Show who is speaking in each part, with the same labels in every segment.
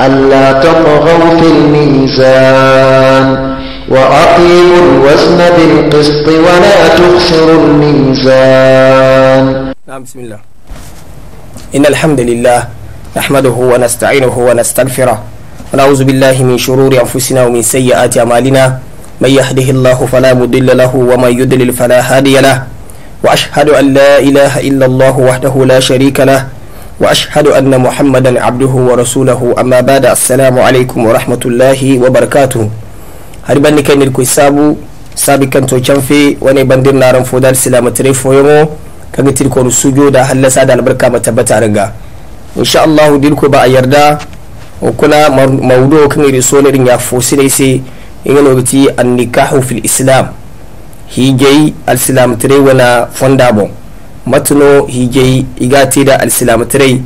Speaker 1: ألا تطغوا في الميزان وأقيموا الوزن بالقسط ولا تخسروا الميزان نعم بسم الله إن الحمد لله نحمده ونستعينه ونستغفره ونعوذ بالله من شرور أنفسنا ومن سيئات أعمالنا من يهده الله فلا مضل له ومن يضلل فلا هادي له وأشهد أن لا إله إلا الله وحده لا شريك له وأشهد أن محمدا عبده ورسوله أما بعد السلام عليكم ورحمة الله وبركاته هربا نكين الكيسابو سابقا توجنفي وني بندر نارن فودار سلامة ريفو يمو كغتير كون سجود أهل سادة البركة متبتا رنغا إن شاء الله دينكو با يردا وكنا موضوع كن رسول رنغا فوسينيسي إنغا نوغتي النكاح في الإسلام هيجي السلام تري ونا فوندابون matuno higei igati da alsilamatirai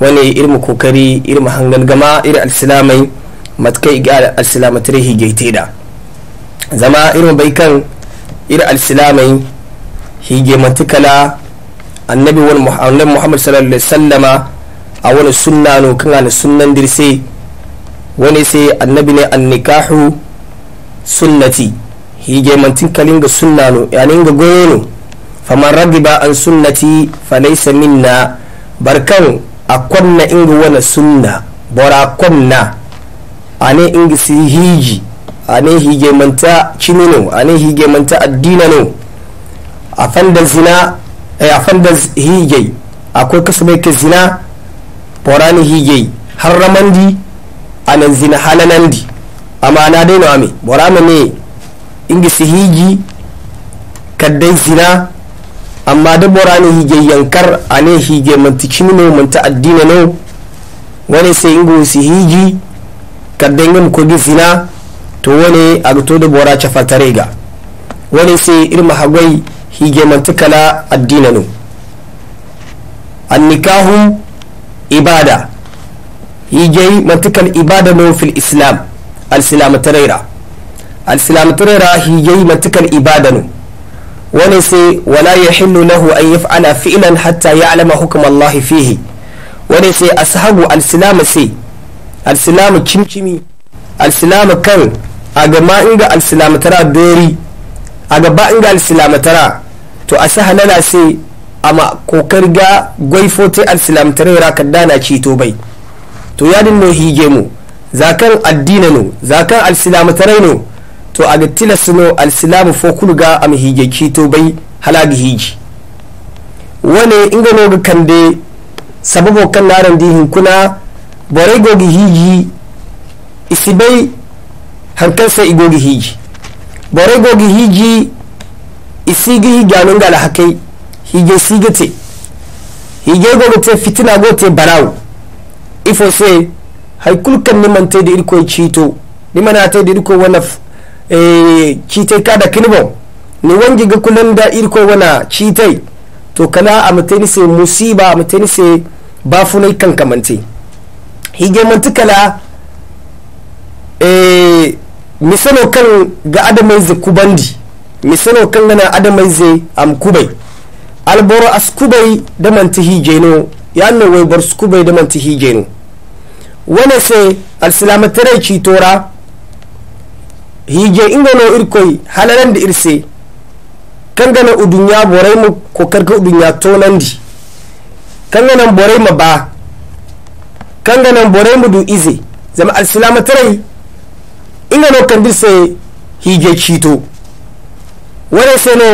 Speaker 1: wani irin kokari irin hangan gama irin alsilamai matkai iga alsilamatirai te da zama irin bai kan irin alsilamai hige matukala annabi wani muhammad sallallahu alaihi sallama a wani sunna no kan ana sunnan dirse wani sai annabi ne an nikahu sunnati hige mantin ga sunna no yanin ga goyo no faman ragiba an sunnati falaysa minna barkan kwanna inga wani sunna bora a ne inga si hiji a ne hige manta a ne hige manta addina no fanda zina eh, afanda hige akwai mai ka zina bora ni hige a nan zina halanandi amma dai daina ame bora ne inga si hiji kaddai zina amma bora ne hige yankar ne hige mantikini no manta addini ne wani sai ingo si hiji yin kogi fina to wani da bora ce fatare ga wani sai irma hagwai hige mantikala addina no annikahu ibada hige mantikal ibada ne fil islam al silamataraira al silamataraira hige mantikal ibada no wani sai wala ya hinnu lahu an fa'ala fi'lan hatta ya hukum Allah fihi wani sai ashabu al-silam sai al-silam kimkimi al kan a gama inga al-silam tara dori a gaba inga al-silam tara to halala sai amma kokar ga gwaifote al-silam tara ra kaddana ci to bai to ya dinno hige mu zakan addina zakan al tara no to a aga suno alsilamu fo kulga am hige kito bai halaga hiji wane inga noga kande sababu kan naran di hinkuna borai gogi hiji bai hankansa i gogi hiji borai gogi hiji isigi higanun gala alhakai hige sigite hige te fitina gote barawo ifo se haikul kan niman te da irko cito niman ta da irko wanaf citai eh, kada kinibo ni wangi ga kullum da irko wana citai to kana a mutane sai musiba a mutane sai bafunai kan kamante hige mantukala eh misalo kan ga adamai zai kubandi misalo kan gana adamai zai am kubai alboro as kubai da manti hijeno ya no wai bar kubai da manti hijeno wane sai alsilamatare ci tora inga ingano irkoy halalandi irse kangana udunya borai mu ko karka udunya tonandi kangana borai ma ba kangana borai mu du ize zama alsilama tarai ingano kandirse hije chito wala seno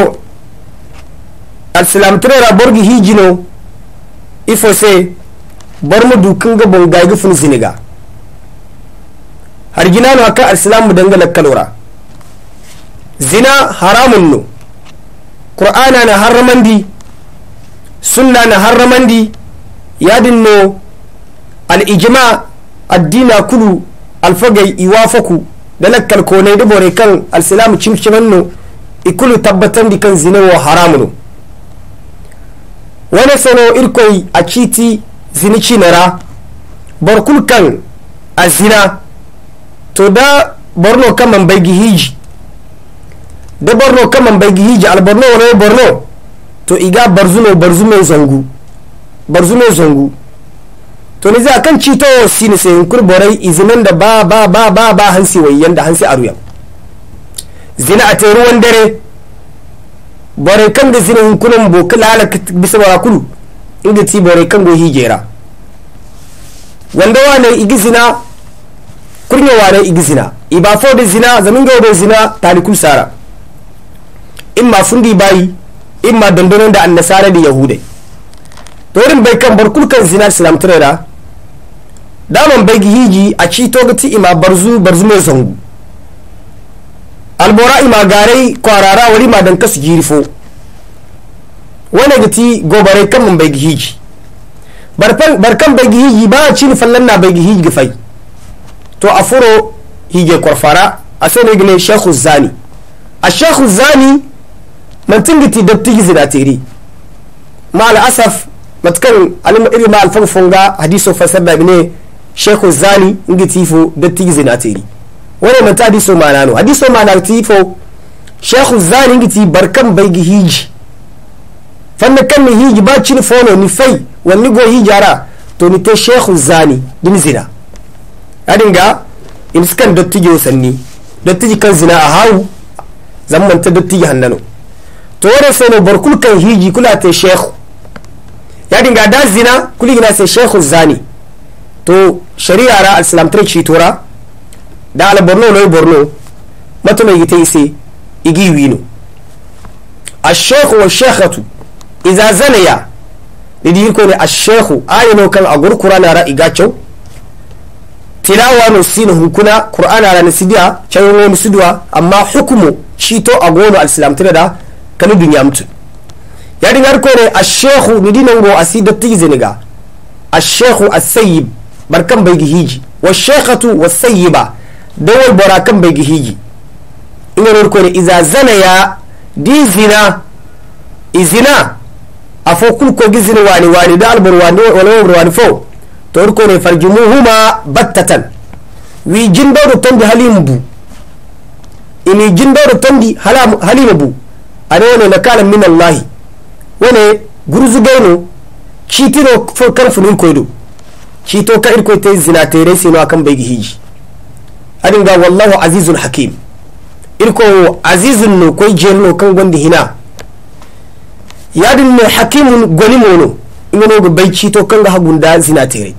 Speaker 1: alsilama tarai ra borgi hijino ifo se bar mu du kanga bongai gufun ziniga harginanu hakka alislamu dangane kalora zina haramun no qur'ana na di sunna na harramandi yadin no al-ijma addina kulu alfagay iwafaku dalakkal konai da bore kan al-silamu cimcimanno ikulu tabbatan di kan zina wa haramun wani sano irkoi a citi zinici nara barkul kan a zina to da borno kaman bagi hiji da borno kaman bagi hiji al borno wala borno to iga barzuno barzuno zangu barzuno zangu to ni za kan ci to sini sai kur borai izinin da ba ba ba ba ba hansi wayyan da hansi aruya zina a te ruwan dare borai kan da zina hunkunan boki lalaka bisa kulu inda ti borai kan go hijera wanda wane igi zina kurnya wane igi zina iba fo de zina ga obe zina taliku sara imma fundi bayi imma dandanon da annasara da yahudai to irin bai kan bar kulkan zina islam turera daman bai gi hiji a ci to gati ima barzu barzu mai zangu albora ima garai kwarara wani ma dan kasu girifo wani gati gobarai kan mun bai gi hiji barkan bai gi ba a ci ni fallan na bai gi gifai to afuro hige korfara asenegne sheikhu zani a ashekhu zani mantingiti dabtigi zinatiri ma al asaf matkan alima iri ma alfan funga hadiso fasarda bine sheikhu zani ingiti fo da dabtigi tiri wani manta hadiso manano hadiso ti fo sheikhu zani ingiti barkan baigi hiji fanna kan ni hiji ba cin fono ni fai wani go hijara to ni te sheikhu zani din zina adinga iniskan dottigi osanni dottigi kan zina a hawu zammanta dottigi hannano to wore feno borkul kan hiji kula ta shekhu yadinga da zina kuli kuligina sai shekhu zani to shari'a ra alislam tre citora da ala borno noy borno matuma yite ise igi wino a الشيخ والشيخة إذا زنيا لدي a الشيخ آينو كان أقول قرآن رأي قاتشو tilawa no sino hunkuna qur'ana rana sidiya cawo no sidwa amma hukumu shito agono alislam da kanu dunya mutu ya dingar kore ashekhu ni dina wuro asida tiziniga ashekhu asayib barkan bai gihiji wa shekhatu wa sayiba dawal bora kan bai gihiji ina nor kore iza zana ya di zina izina afo kulko gizini wani wani da albar wani wani wani fo ne torkore farjumuhuma battatan wi jindoro tondi halimu bu ini jindoro tondi halimu bu ane wone nakala min allahi wone guruzugeno citino fo kar funin koydo chito ka irkoy te zinatere sino akan baygi hiji adinga wallahu azizun hakim irko azizun no koy jelno kan gondi hina yadin ne hakimun gonimono ingonogo bay cito kanga hagunda zinatere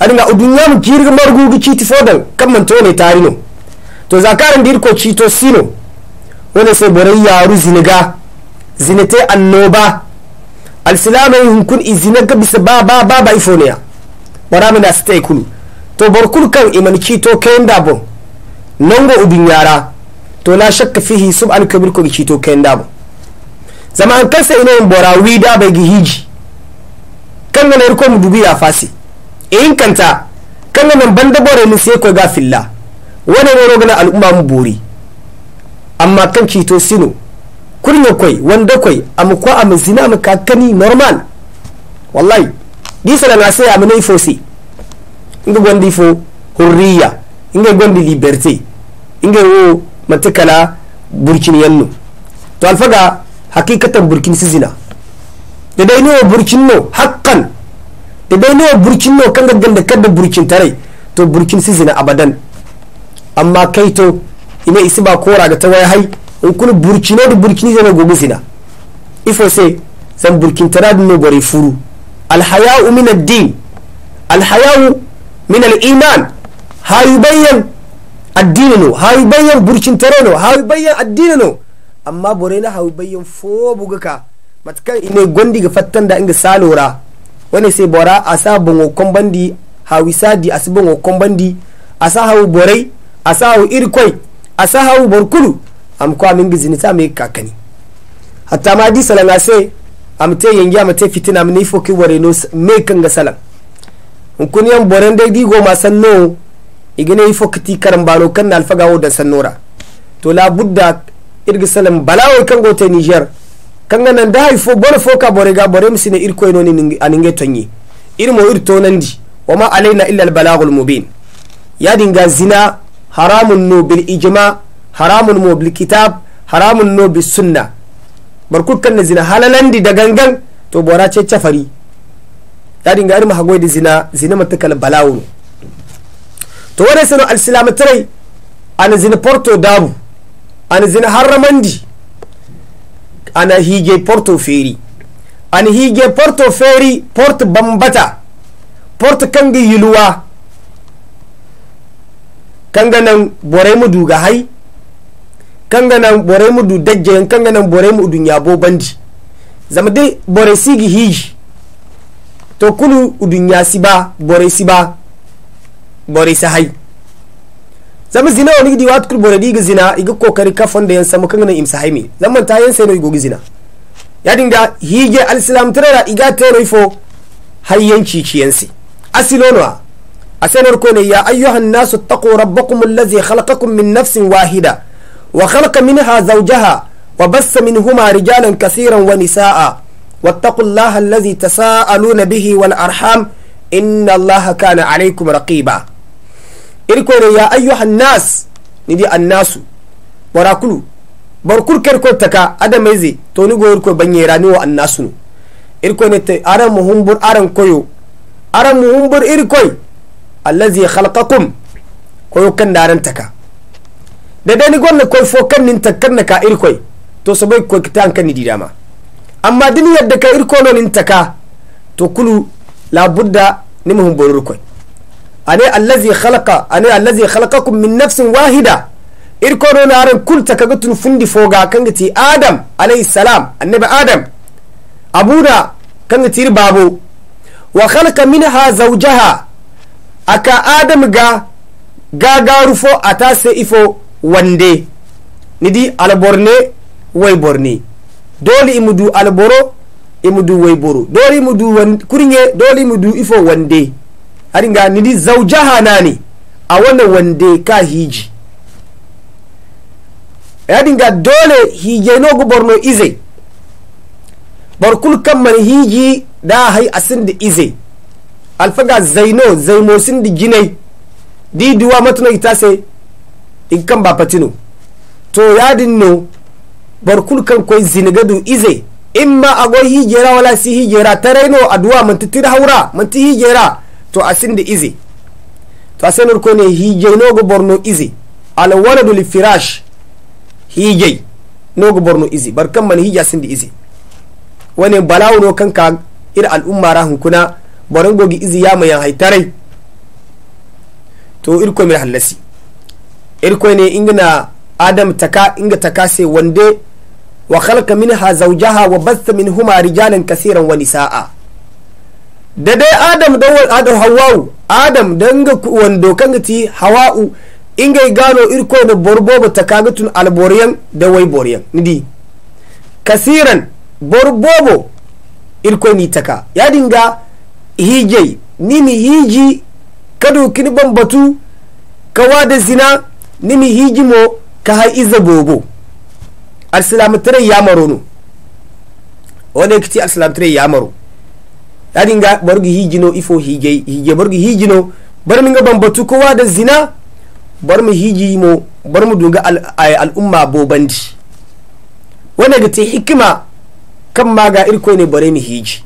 Speaker 1: adinga udunyam kirga margu du chiti fodal kam man tone tarino to zakaran dir ko chito sino wanda sai borai ru ziniga zinete annoba alsilama hun kun izinaga bisa ba ba ba ba ifoniya bara mina stay kulu to borkul kan iman chito kenda bo nongo Udunyara? to la shakka fihi sub'an kabir ko chito kenda bo zaman kansa ina bora wida bai gihiji kan ganar ko mu dubi ya fasi e eh, inkanta kan nan da bore ni sai ko ga filla wani ne rogana al'umma mu bori amma kan kito sino kurnya kwai wanda kwai am ko am zina mu kakkani normal wallahi di sala na sai am nei fosi inga gondi fo hurriya inga gondi liberté inga wo matakala burkini yanno to alfaga hakikatan burkini sizina da dai ne burkini no da dai nawa burkin nawa kan gaggan da kadda burkin tare to burkin si zina abadan amma kai to ina isi ba kora ga ta waya hai in kun burkino da burkini zai gobe zina ifo sai zan burkin tare da no furu alhaya'u min addin alhaya'u min al'iman iman hayu bayyan addini no hayu bayyan burkin tare no hayu bayyan addini no amma bore na hayu bayyan fo buguka matakan ina gondi ga fattan da inga salora wani sai bora a sa bongo kombandi hawi sadi a bongo kombandi a sa hawu borai a sa hawu irkwai a sa hawu borkulu am kwa min bizini ta mai kakani hatta ma di salanga sai am te yangi am te fitina am nifo ki ware no me kanga salam hukuni yan boran dai di goma sanno igine ti karan karambano kan alfaga wo da sannora to la budda irgi salam balawo kan nijar. niger kanga nan da hay fo bor bore ga bore borem sine irko ino ni aninge tonyi irmo irto wa wama alaina illa albalaghul mubin ya dinga zina haramun no bil ijma haramun mo bil kitab haramun no bis sunna barkut kan zina halalandi da gangan to bora ce cafari ya dinga irma hagoi da zina zina matakal balawun to wani sanu alsilamatrai an zina porto dabu an zina harramandi ana hige feri an hige feri port bambata port kanga yiluwa kanga nan bore mu duga hai kanga nan bore mu du dajje kanga nan bore mu dunya bo bandi zama dai bore sigi hiji to kulu dunya siba bore siba bore sahai zama zina wani gidi wat bora diga zina iga kokari kafon da yan samu kangana imsa haimi zaman ta yansa yana gogi zina ya dinga hige tare tarara iga yana ifo hayyan yansi asilonwa a sanar ko ne ya ayyuhan nasu kuma rabbakum allazi khalaqakum min nafsin wahida wa khalaqa minha zawjaha wa bassa huma rijalan kasiran wa nisaa واتقوا الله الذي bihi به arham inna allaha kana عليكم raƙiba. ya yaa ayuha ni di annasu warakulu barkur kerko taka adamaize ni go irko banyerani wo ne te aran muhumbur aran koyo aran muhumbur irkoy allazi khalqakum koyo kan daran taka da ni gonna koy fo kan nin takkan ka irkoy to soboy koy kitan kan nidi dama amma dini yadda ka irko no nin taka to kulu labudda ni muhumbur irkoy ane allazi khalaqa ane allazi khalaqakum min nafsin wahida irko na naran kulta kaga tun fundi foga kanga ti adam alayhi salam annabi adam abuna kanga ti babu wa khalaqa minha zawjaha aka adam ga gagarufo ata atase ifo wande nidi alborne way borne doli imudu alboro imudu way boro doli imudu kurinye doli imudu ifo wande aringa nidi zaujaha nani wannan wande ka hiji dinga dole hijenogu borno ize barkul kan man hiji da hai asin da ize alfaga zaino sin da jinai di duwa matuna se in kan ba patino to yadin no barkul kan koi zinigadu ize imma ago hijera wala si hijera taraino aduwa mantitir haura manti hijera to asinde izi to asenor kone nogo borno ala alwaladu li firash hijey nogo borno izi bar kam man hija asinde wani wone no kanka ir al'umma ra hunkuna boron gogi izi yamayan haitarai to irko mir hallasi irko ne ingana adam taka inga taka se wande wa khalqa minha zawjaha wa batha minhuma rijalan kaseeran wa nisaa da dai adam don wal adam hawa'u adam wani wando kanga ti hawa'u ingay gano irko da kaga tun alboriyan da wai boriyan ndi kasiran ba irko ni taka ya dinga hijai nimi hiji kadu kini bambatu ka da zina nini hiji mo ka hai iza bobo alsilamu tare ya maro no wani ya kici alsilamu ya maro ɗaɗinga borgi hijino ifo hije hije borgi hijino bar mi gaban batu kowa da zina bar mu hiji mo bar mu dunga al'umma bobandi wanda ga ta hikima kan ma ga irko ne bare ni hiji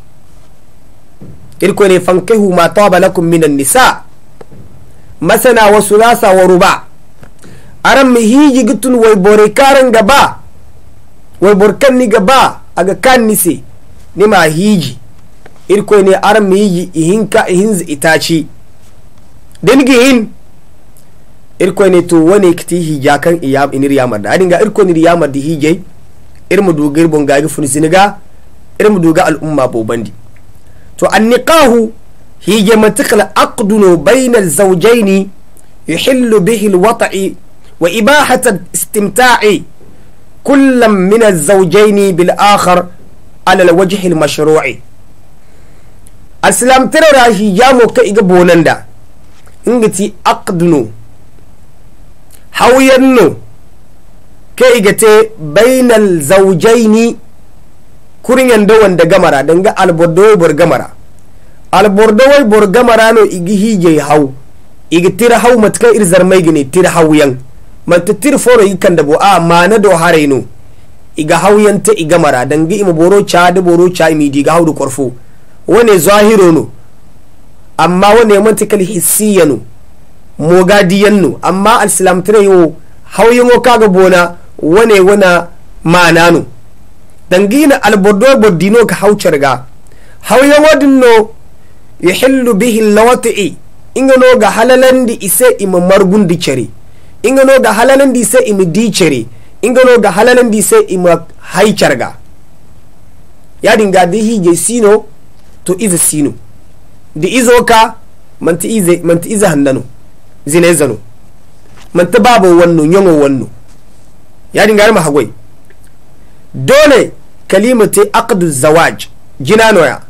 Speaker 1: irko ne fankahu ma taba lakum minan nisa masana wa sulasa wa ruba aran mu hiji gitun wai bore karan gaba wai borkan ni gaba aga kan ni se ni ma hiji irkoyne aran miyi ihinka ihinz itaci dengihin ne to wani kiti hijakan iyam inir yamarda adinga irkoynir yamardi hijey irmu ir mu funisiniga al umma al'umma bandi to niqahu hije matikala aqduno bayna zawjaini yuhillu bihi wata'i wa ibahata istimta'i kullam min zawjaini bil akhar ala al mashru'i asilamtirora ya ka iga bonanda ingati aqdno hawyanno ka igate bainal zawjaini kuriŋendo wanda gamara danga albordo bor gamara albordowai bor no igi hije haw igi tira haw matka ir zarmaigini tira hauyan mata tira foro igi kandabo a ah, mana do hareno iga iga mara danga ima boro da boro ca imidi hau hawdu korfu wane zahiro zahirono amma wane mantikal hissiyano mogadiyanno amma alsilamtire hauyin hawyimo kaga bona wana wona manano dangina albordo boddino ka hawcarga hawyawodinno yuhillu bihi lawati'i halalan halalandi ise ima no ga halalan halalandi ise ima di ga halalan halalandi ise ima haycarga yadin gadi hije sino to iza sinu da izo ka manta iza hannano zine zano manta babu wannan yango wannan ya dinga ma mahagwai dole te aqdu zawaj jina noya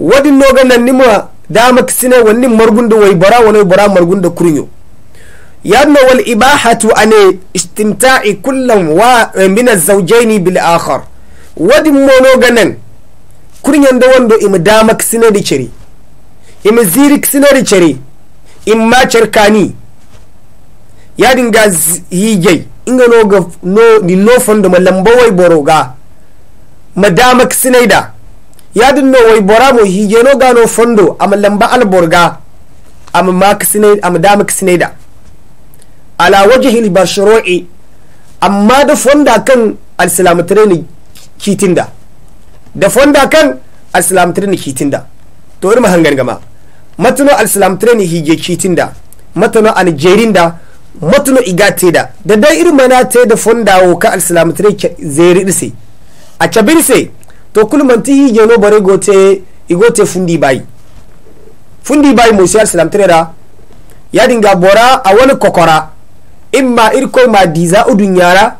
Speaker 1: wadin noga nan nima dama kisine wannan margunda wai bara wani bara margunda ya istimta'i kullum والإباحة أن استمتاع كل من الزوجين بالآخر ودي مونوغنن kurnyande wondo ima damak di ceri ima ma sinadi ceri imma cerkani yadin ga hijai inga no ga no ni no fondo ma lamba wai boroga ma da ya yadin no wai bora mo hije no ga no fondo ama lamba al borga ama ma sinaida ama damak da ala wajhi al amma da fonda kan al salamatare ni kitinda da fonda kan alsilam tirni kitinda to wani mahangar gama matano alsilam tirni hige kitinda matano da matano igate da da dai irma na ta da fonda wo ka alislam tirni zeri dise a cabin se to kulman ta hige no bare gote igote fundi bai fundi bai mo alislam alsilam da ya dinga bora a wani kokora imma irko ma di za'udun udun yara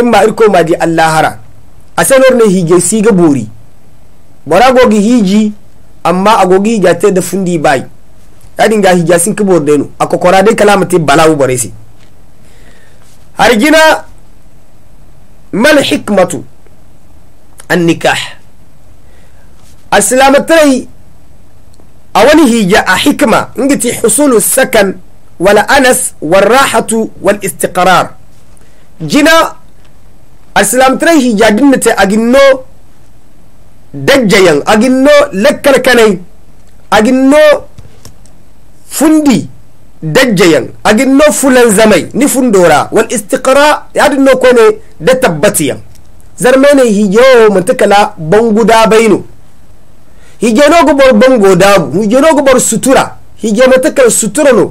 Speaker 1: imma irko ma di allahara a sanar ne hige siga bori bara gogi hiji amma a gogi hijate da fundi bai yadin ga hijasin kibor a kokora dai kalamati balawu si hargina mal hikmatu an nikah asilamatarai a wani hija a hikma ingiti husulu sakan wala anas warrahatu wal istiqrar jina asilamatarai hija da ta aginno dajjayan aginno lekkalkanay aginno fundi dajjayan aginno zamai ni fundora wal istiqra ko kone da tabbatiyan zarmene hijo mantakala banguda baino higeno gubor bango dabu higeno gubor sutura higeno takar sutura no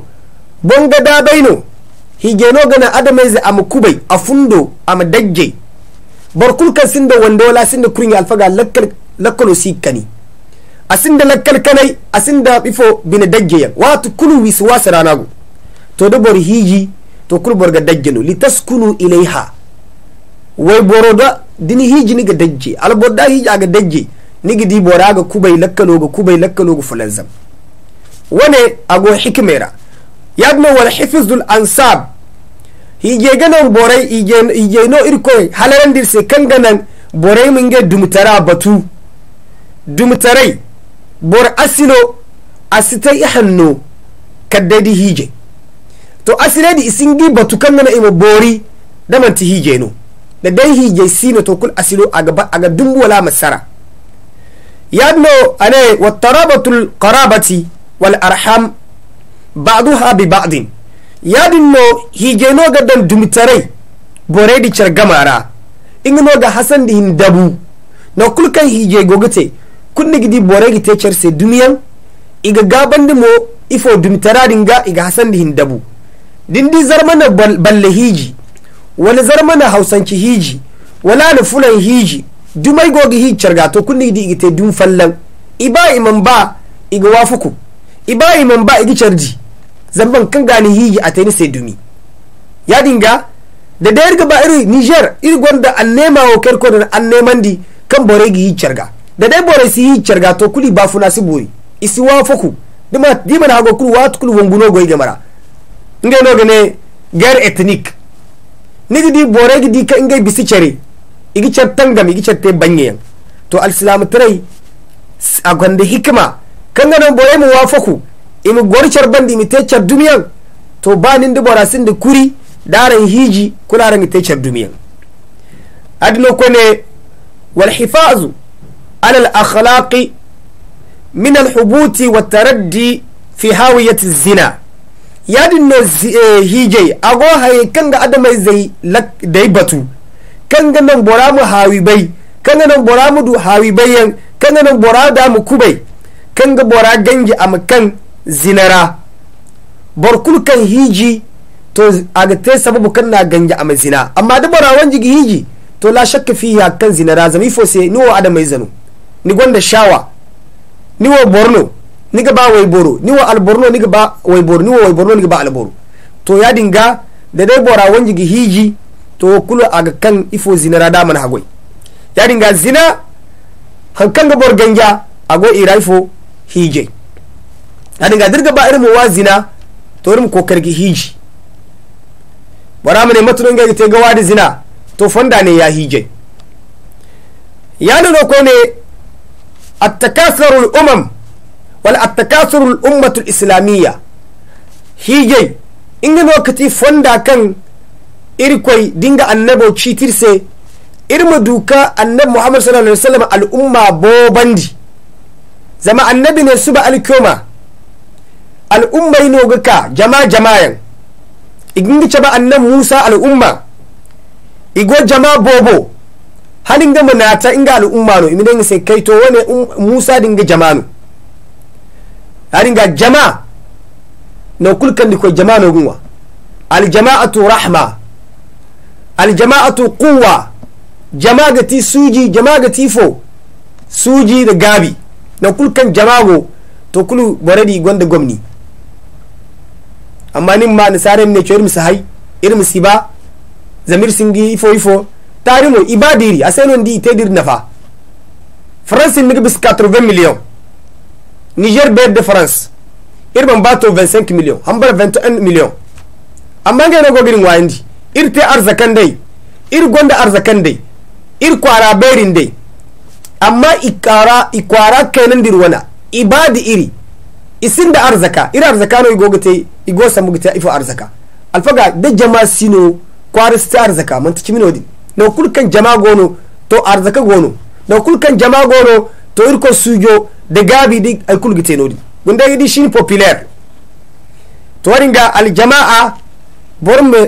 Speaker 1: bonga da baino higeno gana adamaize am kubai a fundo am dajje barkul kan sinda wandola sinda kuringa alfaga lakkal kolosi kani asinda lakkal kanai asinda ifo bina daggeyan watu kulu wasa ranagu to da bor hiji to kul borga daggenu litaskunu ilaiha way da dini hiji niga dajje al borda hiji aga ni niga di bora aga kubay lakkaloga kubay lakkaloga fulanzam wane ago hikmera yadno wal hifzul ansab hijeganon boray ijeno irkoy halarandirse kanganan boray minge dumtara batu dumtarai bor asino asitai hanno kaddadi hije to asinedi isingi batukan nana ima bori damanti hije no da dai hije sino to kul asilo aga aga dumbu wala masara yadno ane wattarabatul qarabati wal arham ba'duha bi ba'din hije no ga dan dumtarai bore di chargamara ingno ga hasan di hindabu na kulkan hije gogate kunni gidi bore te cerse duniyan iga gaban mo ifo dumtara dinga iga hasan hasandi hindabu dindi zarmana balle hiji wala zarmana hausanci hiji wala na fulan hiji dumai gogi hiji cargato kunni gidi iga te dum fallan iba iman ba iga wafuku iba iman ba iga carji zamban kan gani hiji a tani sai dumi ya dinga da da yarga ba iri niger iri gwanda an nema wa kerko an neman di kan boregi hiji carga da dai bore si hiccar ga to kuli bafuna si bori isi wafoku dima dima na gokulu watu kulu wonguno goy gemara nge no gane ger etnik nigi di bore gi di ka ngai bisi cere igi cer tangam igi cer te banye to al islam trai a gonde hikma kanga no bore mu wafoku imu gori cer bandi mi te cer duniyan to banin da bora sin kuri daran hiji kularan mi te cer duniyan adno kone wal hifazu alal akhlaqi min alhubuti wa taraddi fi hawiyati zina yadin no hije ago haye kanga adamai dai batu kanga nan bora mu hawi bai kanga nan bora mu du hawi bayan kanga nan bora mu kubai kanga bora gangi amkan zinara borkul hiji to aga sababu kan na gangi amazina amma da bora wanji hiji to la shakka fiha kan zinara zami fose ni adamai zanu ni gonda shawa ni wo borno ni ga ba wai boro ni wo al borno ni ga ba wai boro ni wo wai borno ni ga ba al boro to ya dinga da dai bora wanji gi hiji to kulu aga kan ifo zina rada man hagoi ya dinga zina hankan ga borganja ago iraifo hije ya dinga dirga ba irin wa zina to irin kokar gi hiji bora mane matulun ga te ga da zina to fanda ne ya hije ya nuna ko ne التكاثر الأمم والتكاثر الأمة الإسلامية هي جي إنه وقتي فندا كان إركوي دينغا النبو تشيتيرسي إرم دوكا النبي محمد صلى الله عليه وسلم الأمة بوبندي زما النبي نسبة الكوما الأمة ينوغكا جما جماعا إنه شبا النبي موسى الأمة إجو جما بوبو hanin da manata inga al'umma no imiden sai kai to wane um, musa dinga jamanu ga jama na kulkan kwa jama no gunwa al rahma al jama'atu quwwa jama ga ti suji jama ga tifo suji da gabi na kulkan go to kulu boradi gonda gwamni amma nin ma nasare ne cewa irin su hai irin su ba zamir singi ifo ifo taarimo i b'a diiri a seno ndi ite dir nafa france nigi bis 80 million niger ber de france ir ban bato 25 million hambara 21 million amma ngene gogirin wayandi ir arzakan dai ir gonda arzakan dai ir kwara berin dai amma ikara ikwara kenan dirwana ibadi iri isin da arzaka ir arzaka no igogate igosa mugita ifo arzaka alfaga da jama sino kwarista arzaka man tikimino din na kulkan jama gono to arzaka gono na kulkan jama gono to irko sujo da gabi di ay kulgite nodi gunda yidi shin popular to waringa al jamaa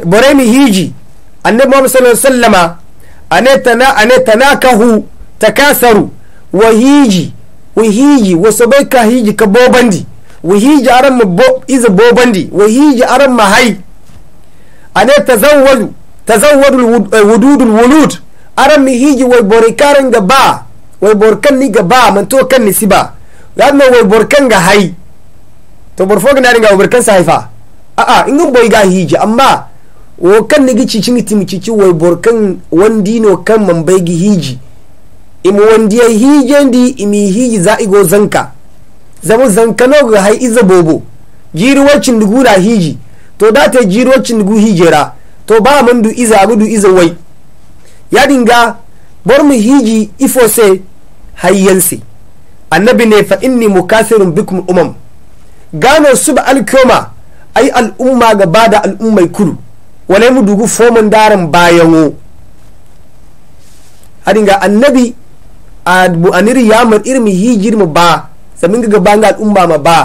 Speaker 1: bore mi hiji annabi muhammad sallallahu alaihi wasallama anetana anetanakahu takasaru wa hiji wa hiji wa sabai ka hiji ka bobandi wa hiji aran mu bo iza bobandi wa hiji aran mahai anetazawwaju tazawwadul wududul wulud aran mi hiji way bori karan ga ba way bor kan ni ga ba man to kan ni siba yadma way bor kan ga hai to bor fo gna ga bor kan sa haifa a a ingun boy ga hiji amma wo kan ni gici cin tim cici way bor kan no kan man bai gi hiji imi hiji ndi imi hiji za igo zanka zama zankano ga hay izabobo bobo jiri wacin dugu hiji to da ta jiri wacin dugu hijera to ba mun du iza agu du iza wai ya dinga bar mu hiji ifo se hayyansi annabi ne fa inni mukasirun bikum umam gano su ba alkoma ai al'umma gaba da al'ummai kudu wale mu dugu fomin daren bayanwo hadinga annabi a bu'aniri ya mar irmi hijir mu ba samin ga gaban al'umma ma ba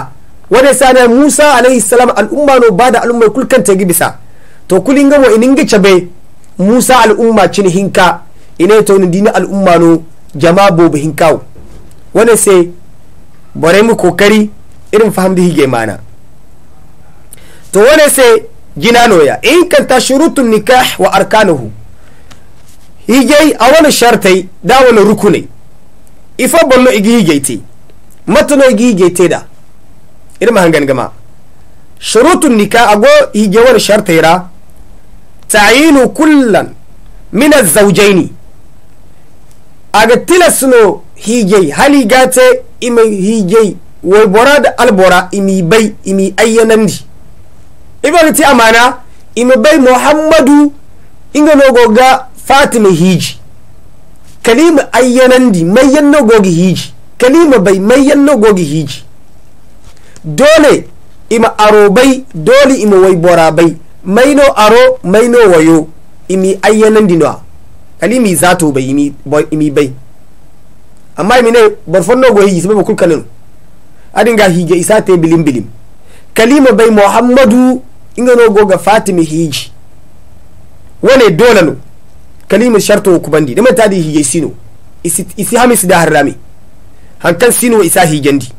Speaker 1: wanda sana musa alaihi salam al'umma no ba da al'ummai kulkan ta gibisa to gabo inin gice bai musa al'umma cin hinka ina ta ni dina al'umma no jama bobu hinkaw wani sai bare mu kokari irin fahimdi hige mana to wani sai noya in kanta shurutun nikah wa arkanuhu higey a wani shartai da wani rukune ifa bollo igi te matano igi te da irin mahangan gama shurutun nikah a go hige wani shartai ra ta'inu kullan min az-zawjayn aga tilasno higey haligate ima higey way borada albora imi bay imi ayyanandi ibagati amana imi bay muhammadu inganogoga fatima hiji kalima ayyanandi mayyannogogi hiji kalima bai mayyannogogi hiji dole ima arobai dole ima wai bai maino aro maino wayo imi ayyanan kali mi zato bai imi boy imi bai amma imi ne barfonno goyi hiji ba kulkanin adin ga hige te bilim bilim kalima bai muhammadu ingano go goga fatimi hiji wane dole no kalima sharto ku bandi dama tadi hige sino isi, isi hamis da harami hankan sino isa ndi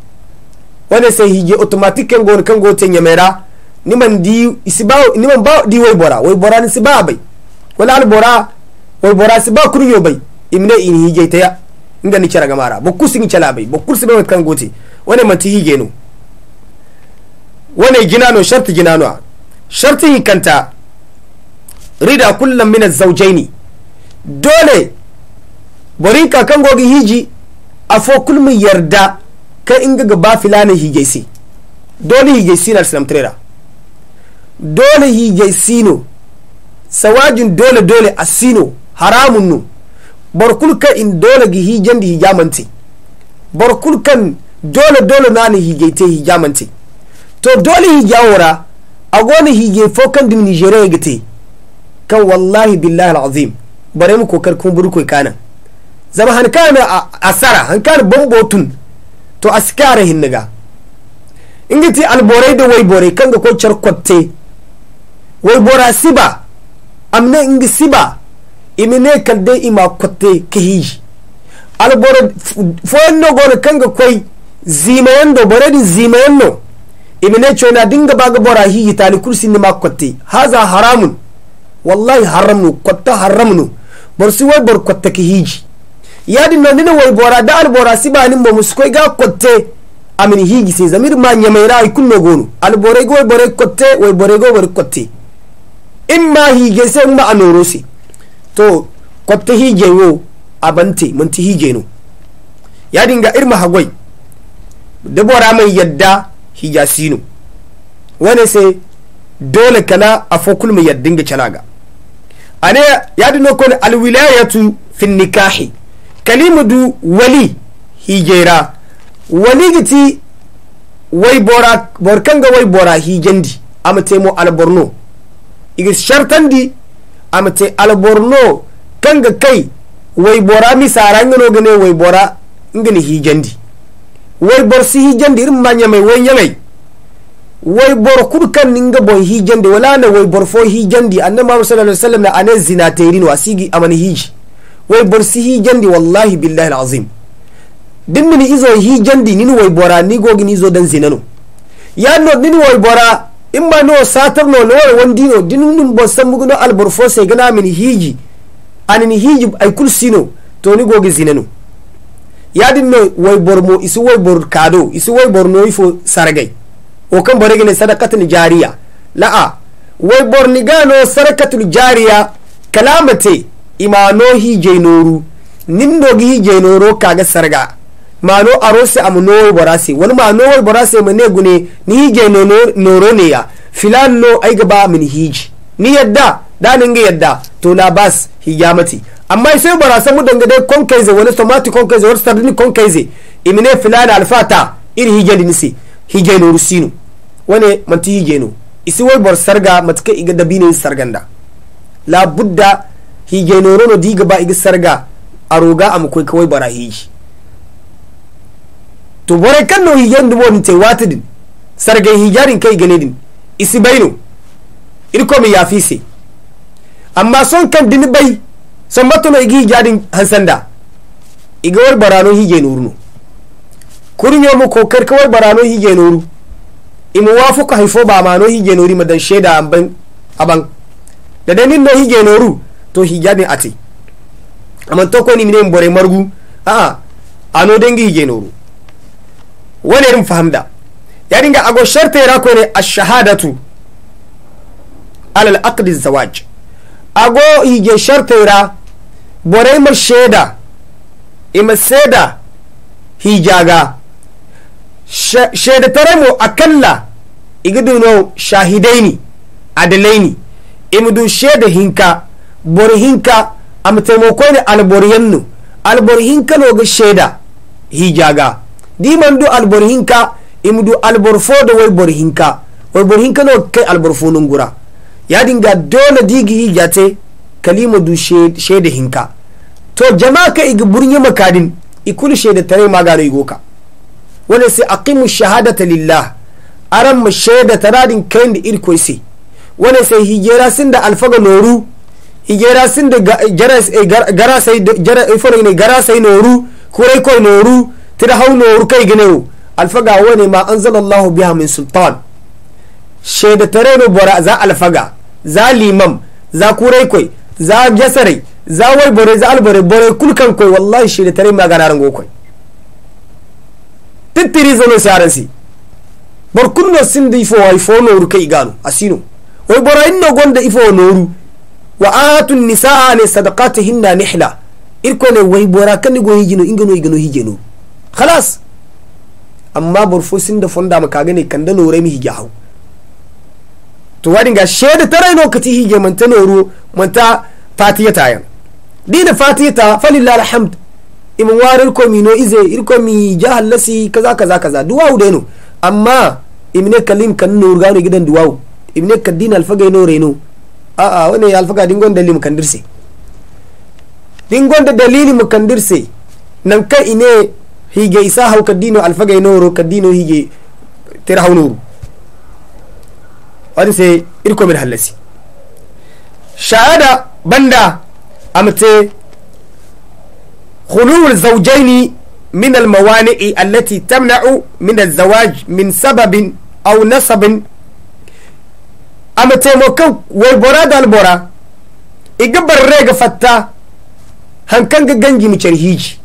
Speaker 1: wane sai hige automatic kan go kan go tenya mera niman di isiba niman ba di way bora way bora ni siba bay wala al bora way bora siba yo bay imne in hije taya inga ni cara gamara bokku sin cala bay bo kursi wat kan gote wane ti hige no wane n'o? sharti gina n'o? sharti kanta rida kullum min azawjaini dole borin kan gogi hiji afo kulmi yarda ka inga ba filani si. dole si na salam trera dole hijai sino sawajin dole dole a sino haramun nu barkul in dole gi hijan di hijamanti barkul kan dole dole na ni hijai te hijamanti to dole hijawara a gona hige fo din dim ya gite kan wallahi billahi alazim bare mu kokar kun burko kana zama hankali a asara hankali bambotun to askara hinnaga ingiti alborai da wai borai kan ga ko charkwatte way bora siba amne ingi siba imine kalde ima kotte kahiji alboro fonno gono kanga koy zimayando boredi zimayando imine chona dinga baga bora hiyi tali kursi nima kotte haza haramun wallahi haramnu kotta haramnu borsi way bor kotte kahiji yadi no nina way bora da albora siba nimbo muskoy ga kotte amin higi se zamir ma nyamaira ikunno gono albore go bore kotte way bore go bore kotte in imma hige in ma anoro si to kwabta hige yo bante manti hige no ya dinga irma hagwai da bora mai yadda hija sino wani sai dole kana a fokul mai yadda ga calaga ne ya dino kone alwilayatu fin nikahi kalimudu wali hijera wali giti wai bora borkan ga wai bora hijendi amma temo alborno igi shartandi amte alborno kanga kai way bora mi sara ngano gane way bora ngani hijandi way bor si hijandi irin manya mai way yangay way bor kudu kan ninga boy hijandi wala na way bor fo hijandi annabi muhammad sallallahu alaihi wasallam na ane tayrin wasigi amani hiji way bor si hijandi wallahi billahi alazim dimmini izo hijandi nini way bora ni gogini izo dan zinano ya no nini way bora in ba no satarno lowar wondino dinum bo sambugno albor alburfo sai gana min hiji anin hiji ay to ni gogi ya din no way bormo isu way bor kado isu way no ifo saragai o kan boregene sadakatun jariya la'a way bor ni gano sadaqatul jariya kalamate imano hije noru nindo dogi hije noro kaga sarga mano arose am nowol borase wani ma nowol borase ma ne gune ni hige noro ne ya filan no ai gaba min hiji ni yadda da ga yadda to na bas hijamati amma sai borase mu danga dai kon kaize wani tomati kon kaize wani sardini kon kaize imine filan alfata iri hige dinisi hige no rusino wani manti hige no isi wal bor sarga matka iga dabine sarganda la budda hige ne rono diga ba iga sarga aroga am koi kawai bara hiji to bore kan no hijan dubo ni te watidin sargay hijarin kai galedin isi bayno irko mi yafisi amma son kan dini bay son batono igi hijadin hansanda iga war barano nurnu nurno yo mu ko kawai war barano hije nuru imu wafuka haifo ba mano hije nuri madan sheda amban aban da danin no hije nuru to hijabin ate amma to ko ni mine bore margu a ano dangi hije nuru Wani irin wonerin fahamda yaringa ago shartera a shahadatu Alal alaqdi zawaj ago hige shartera bore ima sheda ima seda hijaga sheda taramo akalla igaduno shahidaini adalaini imudu sheda hinka bore hinka ama taimakoine albor yannu albor hinkanoga sheda hijaga diman du albor hinka im du albor fo da wai bor hinka wai bor hinka no kai albor fo nungura ya dinga dole digi jate kalima du shede hinka to jama'a ka igi burnye makadin ikul shede tare ma magaro igoka wani sai aqimu shahadata lillah aran mu shaida taradin kain da irko sai wani sai hijera sin da alfaga noru hijera sin da eh, gara sai eh, sai noru kurai koi noru fir'auna rukai gineu alfaga wani ma an Allah biya min sultan shaida tare tarero bora za alfaga za limam za kurai kwai za jasarai za wai bore za albore bore kulkan kwai wallahi shaida tare ma ga narango koi tittiri zano saransi bor kunno sindi ifo wa ifo rukai gano a asino wai bora inno gonda ifo noru wa atun nisaa ne sadaqatihinna nihla irko ne wai bora kan go hijino ingano igano hijeno khalas amma borfo sinda fonda makagane kanda lore mi hige hau to wadinga sheda tarai lokaci hige manta loro manta fatiyata yan dina ta falillahi alhamd imin warar komi no ize irko mi jahal lasi kaza kaza kaza duwawu deno amma imne kalim kan no gano gidan duwawu imne kaddin alfaga no reno a a wani alfaga dingon dalili mukandirse dingon da dalili mukandirse nan kai ine hige isa haw kaddino alfagay nooro kaddino hige tera haw nooru wadin se irkomin hallasi shahada banda amte خلو الزوجين من الموانئ التي تمنع من الزواج من سبب أو نصب أما تيموكو والبرا دا البرا إقبر ريق فتا هنكنك جنجي مشرهيجي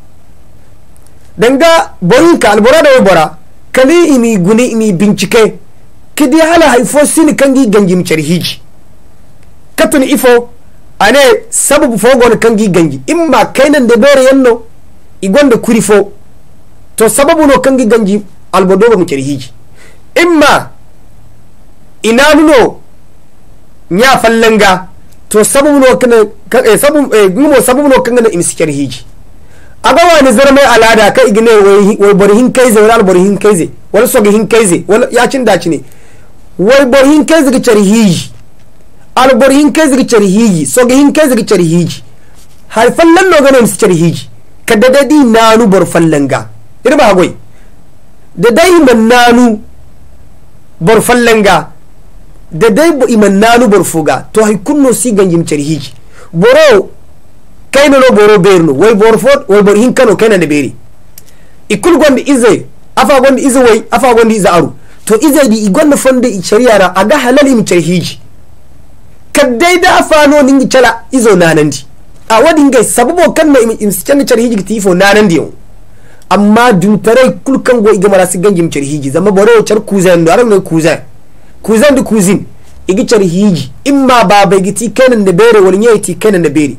Speaker 1: danga ka albora da bora kali imi guni imi bincike kidi hala haifo sini kangi ganjim hiji katun ifo ane sababu fogon kangi ba kai kainan da bere yanno igonda kurifo to sababu no kangi gangi albodoba mu charhiji imma inanuno nya fallanga to sababu no kana eh, sababu eh sababu kanga na imsi aga wani zarmai alada ka igine wai borihin kaize wani alborihin kaize wani sogihin kaize wani yacin daci ne wai borihin kaize ga carihiji alborihin kaize ga carihiji sogihin kaize ga hiji har fallan no ganin su hiji ka da dadi nanu bor fallan ga irba hagoi da dai man nanu bor fallan ga da dai iman nanu bor fuga to hay kunno si ganjim hiji boro kaynano boro berno way boro fot way boro hinkano kaynande beri ikul gonde izay afa gonde izay way afa gonde izay aru to izay di i gonde fonde ra aga halal im car hiji kaddai da afa no ningi cala izo nanandi a wadi ngai sababu kan na im scanne car hiji ti fo nanandi yo amma dun tare kul kan go igama rasi ganjim car hiji zama boro char kuzen do aran kuzen kuzen du kuzin igi car hiji imma baba igi ti kenan da bere wal nyai ti kanan da bere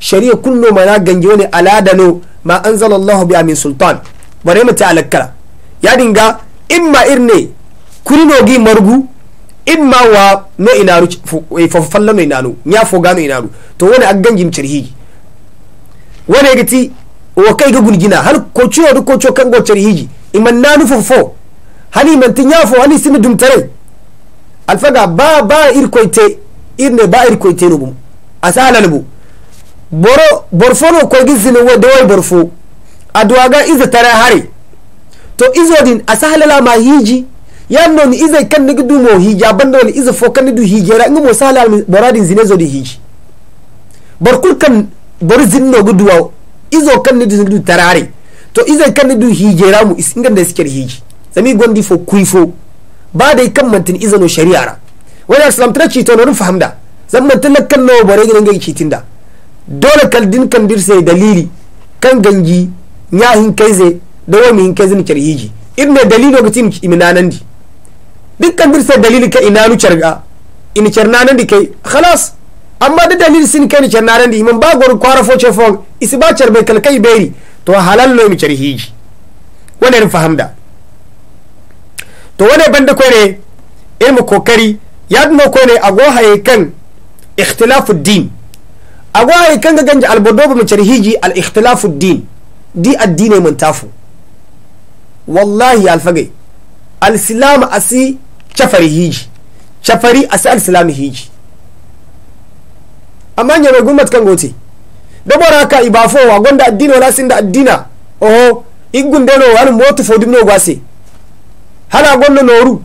Speaker 1: shari'a kullo na gange wani aladano ma an allahu bi amin sultan bare mu ta alakkala ya dinga irin ne kurino gi margu ma wa no inaru eh, fafalla no inaru nya foga no inaru to wani aggangin cirhi wani gati wa kai ga gulgina har ko ciwo ko ciwo kan go cirhi iman nanu fofo hani man ya fo hani simi dumtare alfaga ba ba irkoite irne ba irkoite no bum asalan bu boro borfo no kogi zini wo dawai borfo aduwaga iza tare hari to izo din asahalala ma hiji yanno ni iza kan ni gudu mo hiji abanda wani iza fo kan ni du hiji ra ngamo sahalal boradin zine zo di hiji barkul kan bor no gudu wa izo kan ni du tare hari to iza kan ni du hiji ra mu isingan da sikir hiji zami gondi fo kuifo ba dai kan mantin no shari'a ra wani salam tana cito na rin fahamda zan mantin no nawa bare gidan gai citin da dole kan din kan birse dalili kan gangi nya hin kaize da wa min kaize ni charhiji ibne dalilo ga tin iminanan di din kan birse dalili ka inanu charga in charnanan di kai khalas amma da dalil sin kai ni charnanan di imam ba gor kwara fo chefon isi ba charbe kal kai beri to halal lo mi charhiji wannan fahamda to wannan banda ko ne ilmu kokari ya dumo ko ne a haye kan ikhtilafu din kan ga kan albodoba macar hiji al ikhtilafu din di addini mun tafu wallahi alfagai alsilamu asi chafari hiji chafari asi alsilamu hiji amma nya mai gumat kan gote dabara ka wa gwanda addina wala sin da addina oho igun dano wani motu fodin no gwase hala noru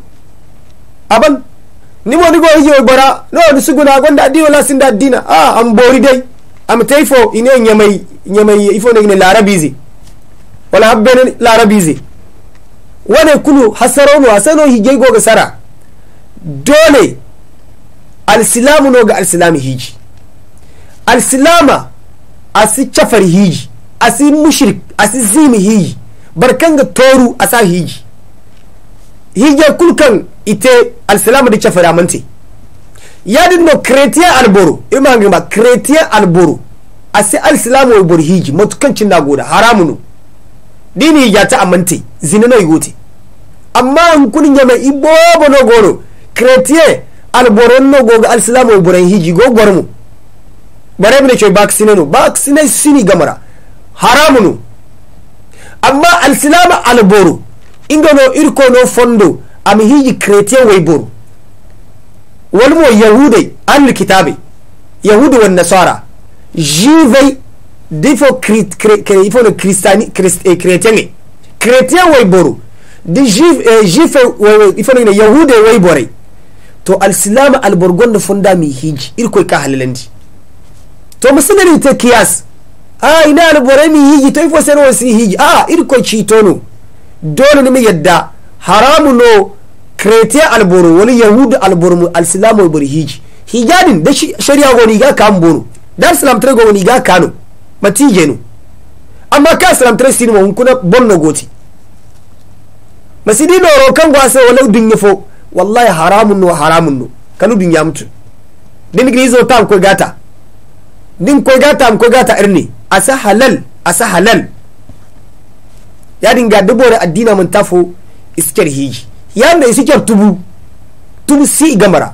Speaker 1: aban ni woni go yi bara no du suguna gonda di wala da dina ah am bori dai am tayfo ine nyamay nyamay ifo ne ne larabizi wala habbe larabizi wane kulu hasaronu hasano hige go ga sara dole alsilamu no ga alsilami hiji alsilama asi chafar hiji asi mushrik asi zimi hiji barkan ga toru asa hiji hijiyar kulkan ite da alsilamu di chafara manti yadinno chrétien alboro imangima chrétien alboro asi alsilamu bor hiji matukancin nagoda haramunu dini hijata amante zinano igote amma hankuni nyame ibobo no gono chrétien alboro no goga alsilamu bor hiji go gormu barebne choy baksine no baksine sini gamara haramunu amma alsilama alboro ingono irko no fondo Ami hiji krete way boru walmo yahude ahlul kitabe yahude wani nasara jivay difo crit crit ifo kristani krist e kretene kretien way boru di jiv e jife ifo ne yahude wai borai to alisilama da funda mi hiji irko ka halalandi to musulmi ta kiyas a ina alborai mi hiji to ifo sai no si hiji a irko ci tono dole ne mi yadda haramu no kretiya alboro wani yahudu alboro alsilamu bor hiji hijabin da shari'a wani ga kan boro dar salam tre wani ga kano matije no amma ka salam tre sinu mun kuna bonno goti masidi doro kan gwase wala dunya fo wallahi haramun no haramun no kanu dunya mutu din gni zo ta ko gata din ko gata ko gata irni asa halal asa halal ya dinga dubore addina mun tafo iskar hiji yanda isikyar tubu tun si gamara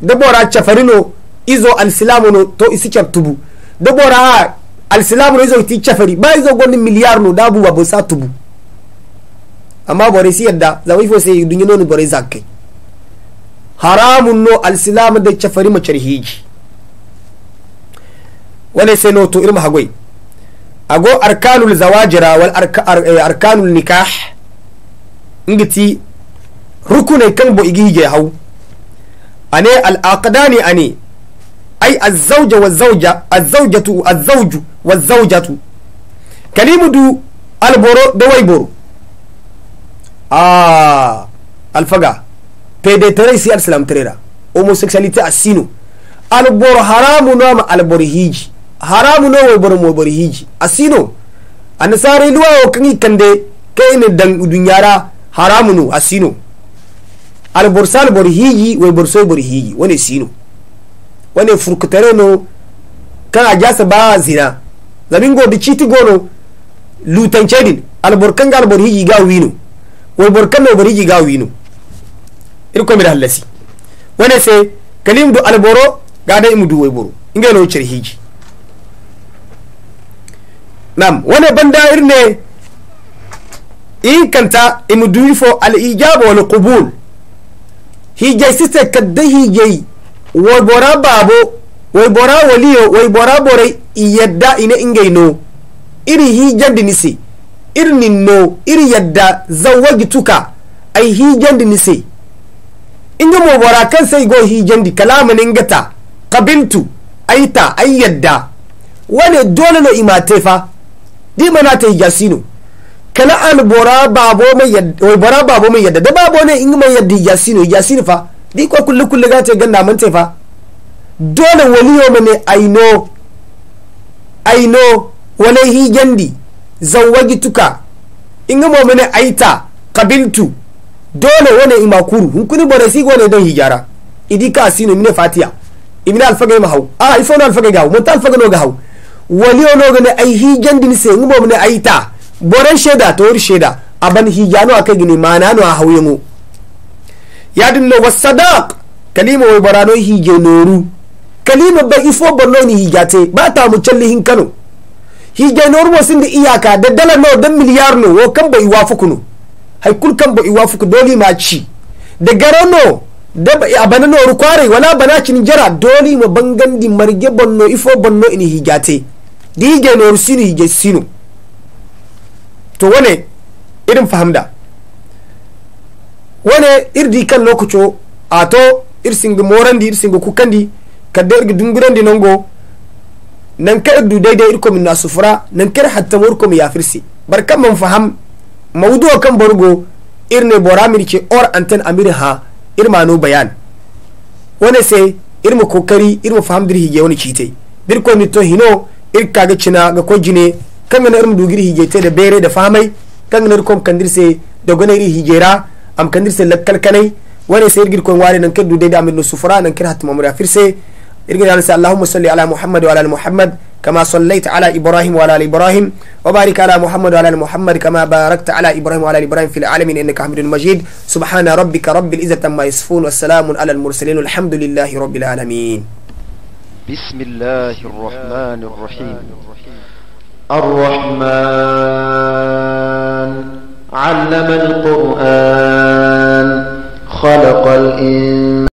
Speaker 1: dabora chafarino izo alsilamuno to isikyar tubu dabora ha alsilamuno izo ti chafari ba izo gondi miliyar no dabu wa bosa tubu amma bore si yadda za wifo sai dunya nonu bore zakai haramun no alsilamu da chafari macar hiji wani sai no to irin hagwai ago arkanul zawajira wal eh, arkanul nikah ngiti rukune kan bo igi hige hau ane al-aqdani ane ay az-zawja wa zawja az-zawjatu az-zawju wa zawjatu kalimu du al boro da ah, al faga pede tere si al-salam terera homosexualité asino al boro haramu no ma al boro hiji haramu no boro mo boro hiji asino anasare luwa o kan kande kai ne dan dunyara haramu no asino alborsal borhiyi we borsoi borhiyi wane sino wane furkutare no kan a jasa ba zina zamin go citi gono lutance din alborkan ga alborhiyi ga wino we borkan no borhiyi ga wino irko mi hallasi wane sai kalim do alboro ga da imudu we boro inga no hiji nam wane banda ne. in kanta duyi fo al-ijab wal qubul hijay sise kadde hijay woy bora babo woy bora waliyo woy bora boray iyadda ine ingayno iri hijandinisi iri ninno iri yadda zawajituka ay hijandinisi inga mo bora kan sai go hijandi kalaman ingata qabiltu aita ayyadda yadda dole no imatefa fa di mana ta hijasino kana an bora babo mai yadda bora babo mai yadda da babo ne in mai yadda yasino yasino fa di ko kullu kullu ga ta ganda mun te fa dole waliyo know aino know wala hi gandi zawagi tuka in mo mane aita qabiltu dole wani imakuru hunkuni bora si gone don hijara idi ka sino mine fatiya ibn al fagay hau a ah, ifo al fagay gawo mun ta fagay no gawo hau waliyo no ga ne ai hi gandi ni se ngumo mane aita boren sheda ta wuri sheda aban hijano aka gini manano a ya yadin wasu wasadaq kalima wai barano hije noru kalima ba ifo borno ni hijate ba ta mu challi hin kano hije noru wasin da iyaka da dala no da miliyar no wo kan ba iwafuku no hay kul kan ba iwafuku doli ma ci da garano da abana noru kware wala bana cin jara doli ma bangandi marge banno ifo bonno ini hijate di hije noru sinu hije sinu to wane irin fahimda wane irdi kan lokaco ato ir singa morandi ir singa kukkandi da irga dungurandi nongo nanka irdu daidai ka nasufura nankar hattamo ya yafirsi bar kan man faham mawduwa kan borgo irne bora mirke or anten amir ha irmano bayan wone se irma kokari irma fahamdir hige wani cite birkomi to hino irkaga cina ga ko jine kan ganar mu dugiri higete da bere da famai kan ganar kom kandirse da gonari higera am kandirse lakkal kanai wani sai irgir kon ware nan kaddu dai da amin sufura nan kir hatima mura firse irgir ya sai allahumma salli ala muhammad wa ala muhammad كما صليت على ala ibrahim ال ابراهيم وبارك على محمد وعلى ال محمد كما باركت على ابراهيم وعلى ال ابراهيم في العالمين انك حميد مجيد سبحان ربك رب العزه عما يصفون والسلام على المرسلين والحمد لله رب العالمين بسم الله الرحمن الرحيم الرحمن علم القرآن خلق الإنسان